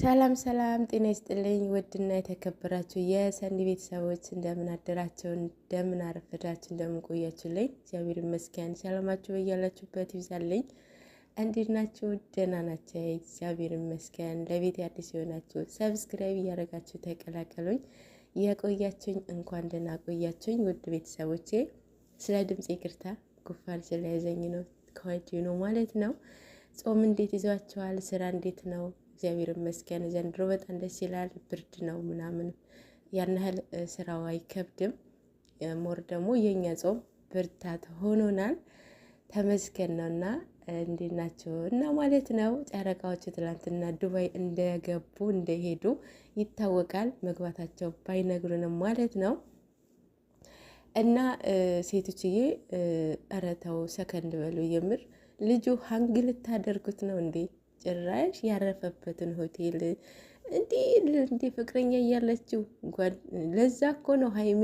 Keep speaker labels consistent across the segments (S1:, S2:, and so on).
S1: ሰላም ሰላም፣ ጤና ይስጥልኝ ውድና የተከበራችሁ የሰኒ ቤተሰቦች እንደምን አደራችሁ፣ እንደምን አረፈዳችሁ፣ እንደምን ቆያችሁልኝ? እግዚአብሔር ይመስገን። ሰላማችሁ በያላችሁበት ይብዛልኝ። እንዴት ናችሁ? ደህና ናቸው፣ እግዚአብሔር ይመስገን። ለቤት አዲስ የሆናችሁ ሰብስክራይብ እያደረጋችሁ ተቀላቀሉኝ። የቆያችሁኝ እንኳን ደህና ቆያችሁኝ። ውድ ቤተሰቦቼ ስለ ድምፅ ይቅርታ፣ ጉፋን ስለያዘኝ ነው ከወዲሁ ነው ማለት ነው። ጾም እንዴት ይዟችኋል? ስራ እንዴት ነው? እግዚአብሔር ይመስገን። ዘንድሮ በጣም ደስ ይላል። ብርድ ነው ምናምን ያን ያህል ስራው አይከብድም። ሞር ደግሞ የእኛ ጾም ብርታት ሆኖናል። ተመስገን ነው እና እንዴት ናቸው እና ማለት ነው። ጨረቃዎች ትላንትና ዱባይ እንደገቡ እንደሄዱ ይታወቃል። መግባታቸው ባይነግሩንም ማለት ነው። እና ሴቶችዬ ኧረ ተው ሰከንድ በሉ። የምር ልጁ ሀንግ ልታደርጉት ነው እንዴ? ጭራሽ ያረፈበትን ሆቴል እንዲ እንዲ ፍቅረኛ እያለችው ለዛ እኮ ነው ሀይሚ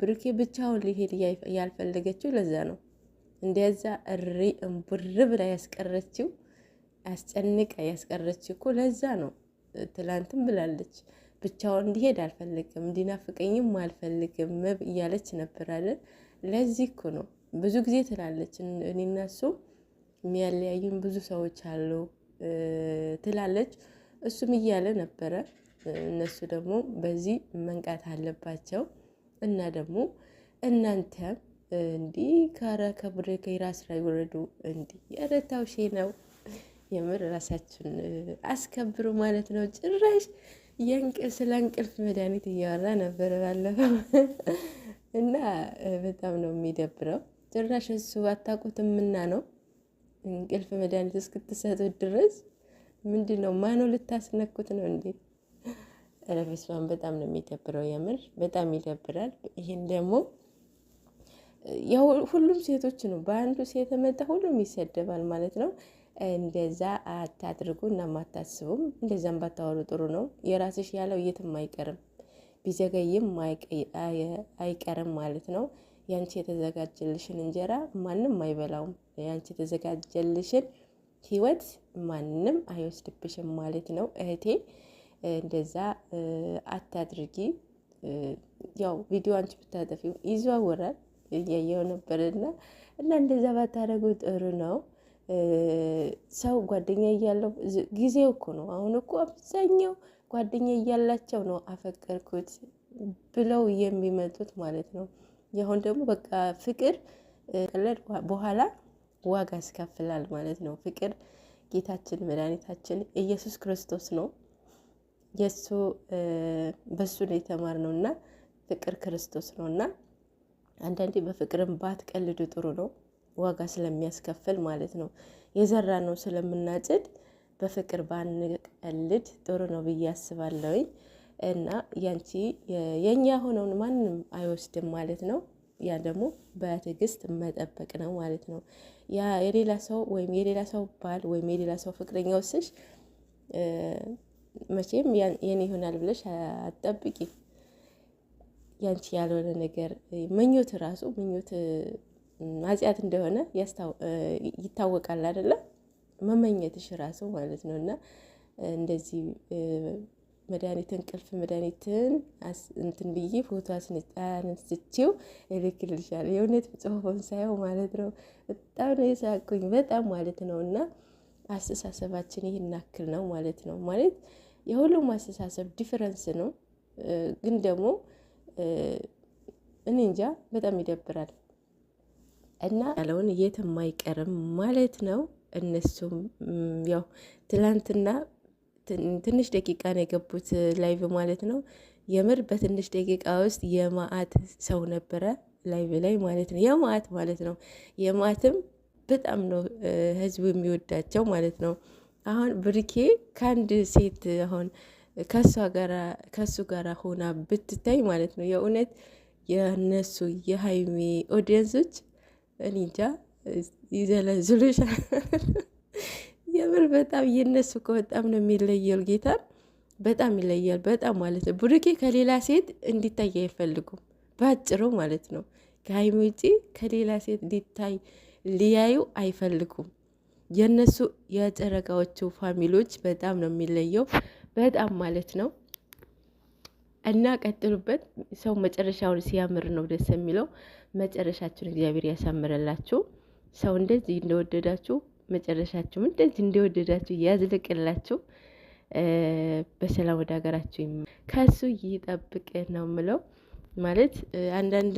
S1: ብሩኬ ብቻውን ሊሄድ ያልፈለገችው። ለዛ ነው እንደዛ እሪ እምቡር ብላ ያስቀረችው፣ አስጨንቃ ያስቀረችው እኮ ለዛ ነው። ትላንትም ብላለች ብቻውን እንዲሄድ አልፈልግም፣ እንዲናፍቀኝም አልፈልግም መብ እያለች ነበር አይደል? ለዚህ እኮ ነው ብዙ ጊዜ ትላለች እኔና እሱ የሚያለያዩን ብዙ ሰዎች አሉ ትላለች። እሱም እያለ ነበረ። እነሱ ደግሞ በዚህ መንቃት አለባቸው እና ደግሞ እናንተ እንዲህ ከረ ከብር ከራስ ላይ ወረዱ። እንዲህ የረታው ሼ ነው የምር ራሳችን አስከብሩ ማለት ነው። ጭራሽ የእንቅልፍ ስለ እንቅልፍ መድኃኒት እያወራ ነበረ ባለፈው እና በጣም ነው የሚደብረው። ጭራሽ እሱ አታውቁትምና ነው እንቅልፍ መድኃኒት እስክትሰጡት ድረስ ምንድን ነው? ማኖ ልታስነኩት ነው እንዴ? ኧረ በስመ አብ በጣም ነው የሚደብረው። የምር በጣም ይደብራል። ይህን ደግሞ ሁሉም ሴቶች ነው፣ በአንዱ ሴት የመጣ ሁሉም ይሰደባል ማለት ነው። እንደዛ አታድርጉ እና ማታስቡም። እንደዛም ባታወሩ ጥሩ ነው። የራስሽ ያለው የትም አይቀርም፣ ቢዘገይም አይቀርም ማለት ነው። ያንቺ የተዘጋጀልሽን እንጀራ ማንም አይበላውም። ያንቺ የተዘጋጀልሽን ህይወት ማንም አይወስድብሽም ማለት ነው እህቴ። እንደዛ አታድርጊ። ያው ቪዲዮ አንቺ ብታጠፊው ይዘዋወራል እያየው ነበርና እና እንደዛ ባታደረጉ ጥሩ ነው። ሰው ጓደኛ እያለው ጊዜው እኮ ነው። አሁን እኮ አብዛኛው ጓደኛ እያላቸው ነው አፈቀርኩት ብለው የሚመጡት ማለት ነው። ያሁን ደግሞ በቃ ፍቅር ቀለድ በኋላ ዋጋ ያስከፍላል ማለት ነው። ፍቅር ጌታችን መድኃኒታችን ኢየሱስ ክርስቶስ ነው። የእሱ በሱ ነው የተማርነው እና ፍቅር ክርስቶስ ነው እና አንዳንዴ በፍቅርን ባትቀልዱ ጥሩ ነው፣ ዋጋ ስለሚያስከፍል ማለት ነው። የዘራ ነው ስለምናጭድ በፍቅር ባንቀልድ ጥሩ ነው ብዬ አስባለሁኝ እና ያንቺ የእኛ ሆነውን ማንም አይወስድም ማለት ነው። ያ ደግሞ በትዕግስት መጠበቅ ነው ማለት ነው። ያ የሌላ ሰው ወይም የሌላ ሰው ባል ወይም የሌላ ሰው ፍቅረኛ ውስሽ መቼም የኔ ይሆናል ብለሽ አትጠብቂ። ያንቺ ያልሆነ ነገር ምኞት ራሱ ምኞት ማጽያት እንደሆነ ይታወቃል አይደለም መመኘትሽ ራሱ ማለት ነው እና እንደዚህ መድኃኒት እንቅልፍ መድኃኒትን እንትን ብዬ ፎቶ አነስቼው እልክልሻለሁ። የእውነት ጽሁፎን ሳየው ማለት ነው በጣም ነው የሳኩኝ በጣም ማለት ነው። እና አስተሳሰባችን ይህን ያክል ነው ማለት ነው። ማለት የሁሉም አስተሳሰብ ዲፈረንስ ነው፣ ግን ደግሞ እኔ እንጃ በጣም ይደብራል። እና ያለውን የትም አይቀርም ማለት ነው። እነሱም ያው ትላንትና ትንሽ ደቂቃ ነው የገቡት ላይቭ ማለት ነው። የምር በትንሽ ደቂቃ ውስጥ የማአት ሰው ነበረ ላይቭ ላይ ማለት ነው። የማአት ማለት ነው። የማአትም በጣም ነው ህዝቡ የሚወዳቸው ማለት ነው። አሁን ብርኬ ከአንድ ሴት አሁን ከሱ ጋራ ሆና ብትታይ ማለት ነው የእውነት የነሱ የሀይሚ ኦዲየንሶች እኔ እንጃ ይዘለዝሉሻል። የምር በጣም የነሱ እኮ በጣም ነው የሚለየው። ጌታ በጣም ይለያል። በጣም ማለት ነው። ብሩኬ ከሌላ ሴት እንዲታይ አይፈልጉም። በአጭሩ ማለት ነው። ከሀይሚ ውጪ ከሌላ ሴት እንዲታይ ሊያዩ አይፈልጉም። የእነሱ የጨረቃዎቹ ፋሚሊዎች በጣም ነው የሚለየው። በጣም ማለት ነው። እና ቀጥሉበት። ሰው መጨረሻውን ሲያምር ነው ደስ የሚለው። መጨረሻችሁን እግዚአብሔር ያሳምረላችሁ። ሰው እንደዚህ እንደወደዳችሁ መጨረሻችሁም እንደዚህ እንደወደዳችሁ ያዝልቅላችሁ። በሰላም ወደ ሀገራችሁ ከሱ ይጠብቅ ነው ምለው። ማለት አንዳንድ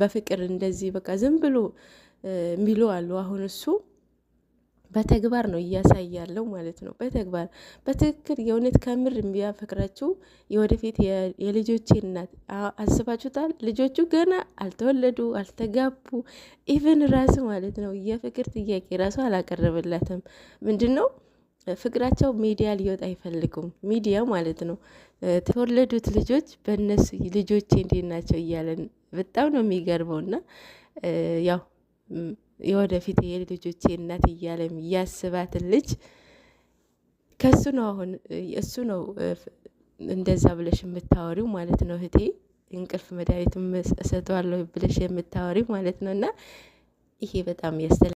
S1: በፍቅር እንደዚህ በቃ ዝም ብሎ የሚሉ አሉ። አሁን እሱ በተግባር ነው እያሳያለው ማለት ነው። በተግባር በትክክል የእውነት ከምር ቢያፈቅራችሁ የወደፊት የልጆቼ እናት አስባችሁታል። ልጆቹ ገና አልተወለዱ አልተጋቡ፣ ኢቨን ራሱ ማለት ነው የፍቅር ጥያቄ ራሱ አላቀረበላትም። ምንድን ነው ፍቅራቸው ሚዲያ ሊወጣ አይፈልጉም። ሚዲያ ማለት ነው ተወለዱት ልጆች በእነሱ ልጆቼ እንዴት ናቸው እያለን በጣም ነው የሚገርመውና ያው የወደፊት የልጆቼ እናት እያለም እያስባትን ልጅ ከሱ ነው አሁን እሱ ነው እንደዛ ብለሽ የምታወሪው ማለት ነው እህቴ እንቅልፍ መድኃኒት እሰጠዋለሁ ብለሽ የምታወሪው ማለት ነው እና ይሄ በጣም ያስተላል